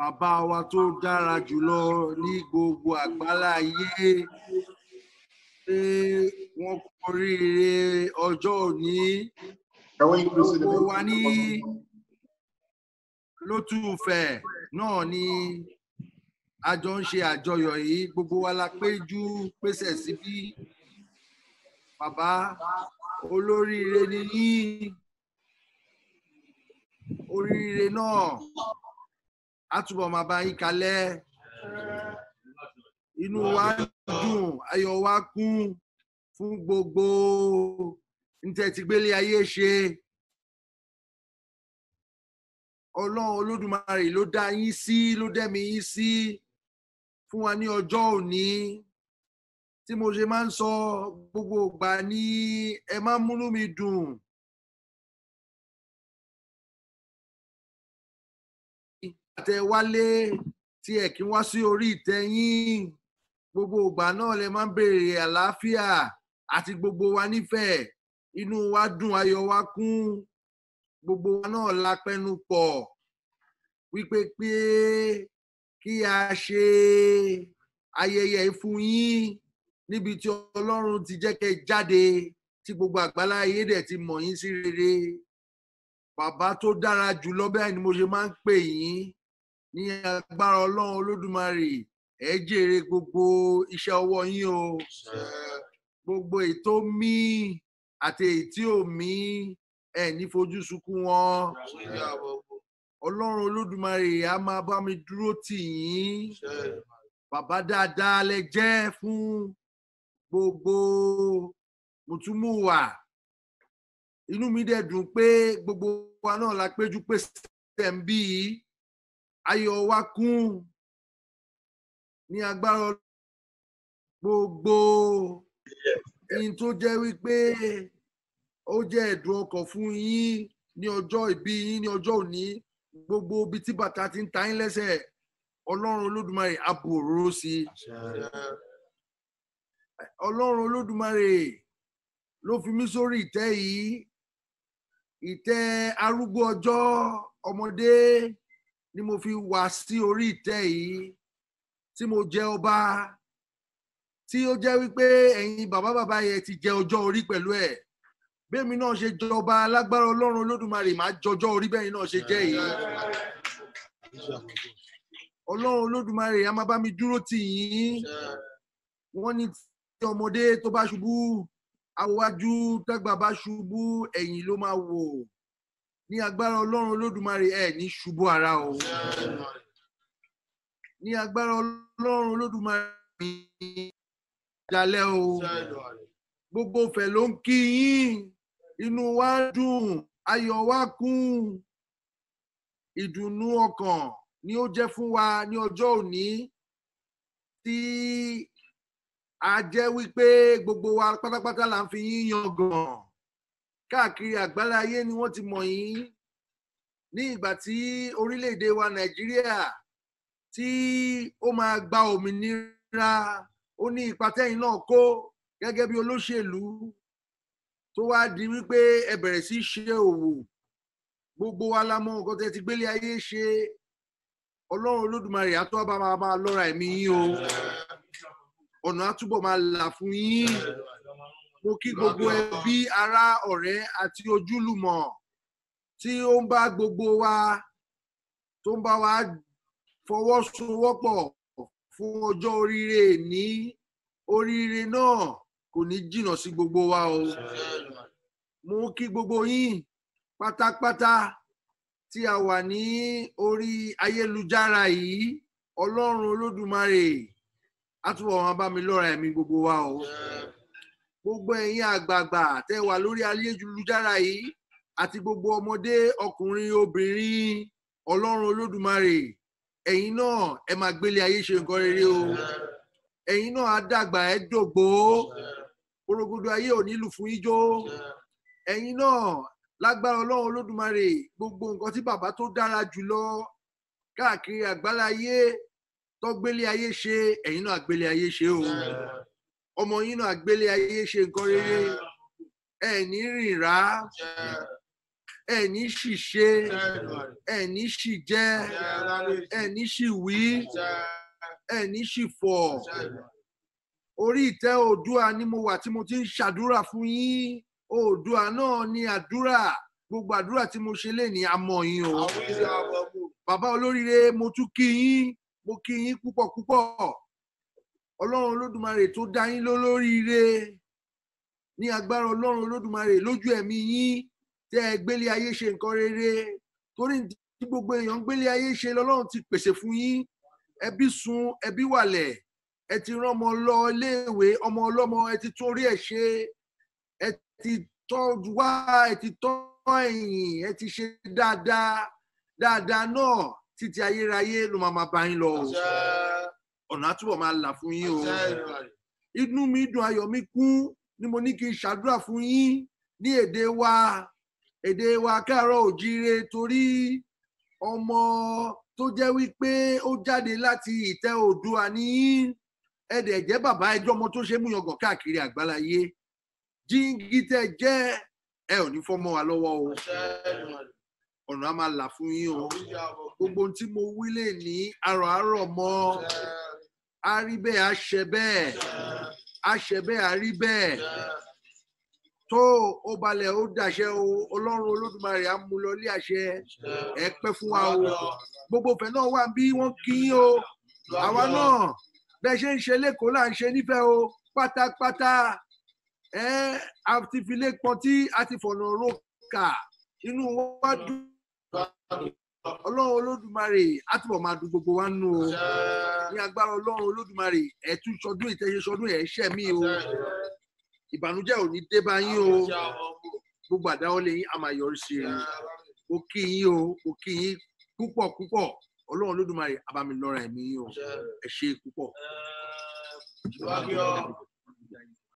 bàbá wa tó dára jùlọ ní gbogbo àgbálá ayé pé wọ́n kórìíre ọjọ́ òní gbogbo wa ní lótùfẹ̀ náà ni a jọ ń ṣe àjọyọ̀ yìí gbogbo wa la péjú pèsè síbí bàbá olóríire ni yín oríire náà á túbọ̀ máa bá yín kalẹ̀ inú wa dùn ayọ̀ wa kún fún gbogbo ntẹ́ ti gbélé ayé ṣe ọlọ́run olódùmarè ló dá yín sí ló dẹ̀mí yín sí fún wa ní ọjọ́ òní tí mo ṣe máa ń sọ gbogbo ìgbà ni ẹ máa múnú mi dùn. tẹ wálé tí ẹ kí wá sí orí ìtẹ́ yín gbogbo ìgbà náà lẹ máa ń béèrè àlàáfíà àti gbogbo wa nífẹ̀ẹ́ inú wa dùn ayọ̀ wa kún gbogbo wa náà la pẹnu pọ̀ wípé pé kí a ṣe ayẹyẹ ìfún yín níbi tí Ọlọ́run ti jẹ́ kẹ́ jáde tí gbogbo àgbálá ayé dẹ̀ ti mọ̀ yín sí rere bàbá tó dára jù lọ bẹ́ẹ̀ ni mo ṣe máa ń pè yín ní agbára ọlọ́run olódùmarè ẹ jèrè gbogbo iṣẹ́ ọwọ́ yín o gbogbo ètò mi àti ètí òmí ẹ ní fojú sunkún wọn ọlọ́run olódùmarè a máa bá mi dúró tì yín bàbá dáadáa lẹ jẹ́ fún gbogbo mùtúmùwà inú mi dẹ̀ dùn pé gbogbo wa náà la péjú pé sẹ́ẹ̀ ń ayọ̀ wa kún ní agbára gbogbo yín tó jẹ́ wípé ó jẹ́ ẹ̀dùn ọkàn fún yín ní ọjọ́ ìbí yín ní ọjọ́ òní gbogbo ibi tí bàtà ti ń ta yín lẹ́sẹ̀ ọlọ́run olódùmarè àbòrò sí i ọlọ́run olódùmarè ló fi mí sórí ìtẹ́ yìí ìtẹ́ arúgbó ọjọ́ ọmọdé ni mo fi wá sí orí ìtẹ́ yìí tí mo jẹ ọba tí ó jẹ́ wípé ẹ̀yin bàbá bàbá yẹn ti jẹ ọjọ́ orí pẹ̀lú ẹ̀ bẹ́ẹ̀mi náà ṣe jọba alágbára ọlọ́run olódùmarè máa jọjọ́ orí bẹ́ẹ̀yin náà ṣe jẹ́ yìí ọlọ́run olódùmarè a máa bá mi dúró tì yín wọ́n ní tí ọmọdé tó bá ṣubú awájú tágbà bá ṣubú ẹ̀yìn ló máa wò ní agbára ọlọ́run olódùmarè ẹ ní ṣubú ara o ní agbára ọlọ́run olódùmarè mi dalẹ́ o gbogbo fẹ̀ ló ń kí yín inú wa dùn ayọ̀ wa kún ìdùnnú ọkàn ni ó jẹ́ fún wa ní ọjọ́ òní tí a jẹ́ wípé gbogbo wa pátápátá là ń fi yín yan gan-an káàkiri àgbára ayé ni wọ́n ti mọ̀ yín ní ìgbà tí orílẹ̀-èdè wa nàìjíríà tí ó máa gba òmìnira ó ní ipa tẹ́yìn náà kó gẹ́gẹ́ bí olóṣèlú tó wá di wípé ẹ bẹ̀rẹ̀ sí ṣe òwò gbogbo wa la mọ̀ nǹkan tẹ́ ti gbélé ayé ṣe ọlọ́run olódùmarè á tọ́ bá máa lọ́ra ẹ̀mí yín o ọ̀nà á máa là fún yín mo kí gbogbo ẹbí ará ọ̀rẹ́ àti ojúlùmọ̀ tí ó ń bá gbogbo wa tó ń bá wa fọwọ́sowọ́pọ̀ fún ọjọ́ oríire ní oríire náà kò ní jìnnà sí gbogbo wa o mo kí gbogbo yín pátápátá tí a wà ní orí ayélujára yìí ọlọ́run olódùmarè á túbọ̀ wọn bá mi lọ́ra ẹ̀mí gbogbo wa o. Yeah gbogbo ẹ̀yin àgbààgbà tẹ́ wà lórí ayélujára yìí àti gbogbo ọmọdé ọkùnrin obìnrin ọlọ́run olódùmarè ẹ̀yin náà ẹ máa gbélé ayé ṣe nǹkan rere o ẹ̀yin náà á dàgbà ẹ dògbò orogodo ayé ò nílù fún ijó ẹ̀yin náà lágbára ọlọ́run olódùmarè gbogbo nǹkan tí bàbá tó dára jùlọ káàkiri àgbáláyé tó gbélé ayé ṣe ẹ̀yin náà gbélé ayé ṣe o. Yeah ọmọ yín náà àgbélé ayé ṣe nǹkan rere ẹ ní rìn rà ẹ ní ṣìṣe ẹ ní ṣìjẹ ẹ ní ṣìwí ẹ ní ṣìfọ̀ orí ìtẹ́ Oòduà ni mo wà tí mo ti ń ṣàdúrà fún yín Oòduà náà ni àdúrà gbogbo àdúrà tí mo ṣe lè ní amọ̀ yín o bàbá olóríire mo tún kí yín mo kí yín púpọ̀ púpọ̀ ọlọ́run olódùmarè tó dá yín lólóríire ní agbára ọlọ́run olódùmarè lójú ẹ̀mí yín tẹ́ ẹ gbélé ayé ṣe nǹkan rere torí tí gbogbo èèyàn gbélé ayé ṣe lọ́lọ́run ti pèsè fún yín ẹbí sun ẹbí wàlẹ̀ ẹ ti rán ọmọ lọ iléèwé ọmọ ọlọ́mọ ẹ ti tún orí ẹ̀ ṣe ẹ ti tọ́jú wá ẹ ti tọ́ ẹ̀yìn ẹ ti ṣe dáadáa dáadáa náà títí ayérayé ló máa máa bá yín lọ ọ̀nà àtúbọ̀ máa là fún yín o inú mi dùn ayọ̀ mi kún ni mo ní kí n ṣàdúrà fún yín ní èdè wa èdè wa káàárọ̀ òjíire torí ọmọ tó jẹ́ wípé ó jáde láti ìtẹ́ Oòduà ní ẹ̀dẹ̀ jẹ́ bàbá ẹjọ́ ọmọ tó ṣe mú yangàn káàkiri àgbáláyé jíngítẹ́ jẹ́ ẹ ò ní fọ́mọ wa lọ́wọ́ o ọ̀nà á máa là fún yín o gbogbo ohun tí mo wí lè ní àròárọ̀ mọ́ á rí bẹ́ẹ̀ á ṣe bẹ́ẹ̀ á ṣe bẹ́ẹ̀ á rí bẹ́ẹ̀ tó o balẹ̀ ó dàṣẹ o ọlọ́run olódùmarè á mú lọ ilé àṣẹ ẹ pẹ́ fún wa o gbogbo ìfẹ́ náà wà bí wọ́n kí yín o àwa náà bẹ́ẹ̀ ṣe ń ṣe lẹ́kọ̀ọ́ là ń ṣe nífẹ̀ẹ́ o pátápátá ẹ a ti fi lé pọtí a ti fọ̀nà ro kà inú wa dùn ọlọ́run olódùmarè á túbọ̀ máa dùn gbogbo wa nù o ní agbára ọlọ́run olódùmarè ẹ̀ tún sọdún ìtẹ̀yẹ sọdún ẹ̀ ṣẹ̀ mí o ìbànújẹ́ ò ní dé bá yín o gbogbo àdáwọlé yín á máa sí i mo kí yín o mo kí yín púpọ̀ púpọ̀ ọlọ́run olódùmarè á ẹ̀mí yín o ẹ ṣe púpọ̀.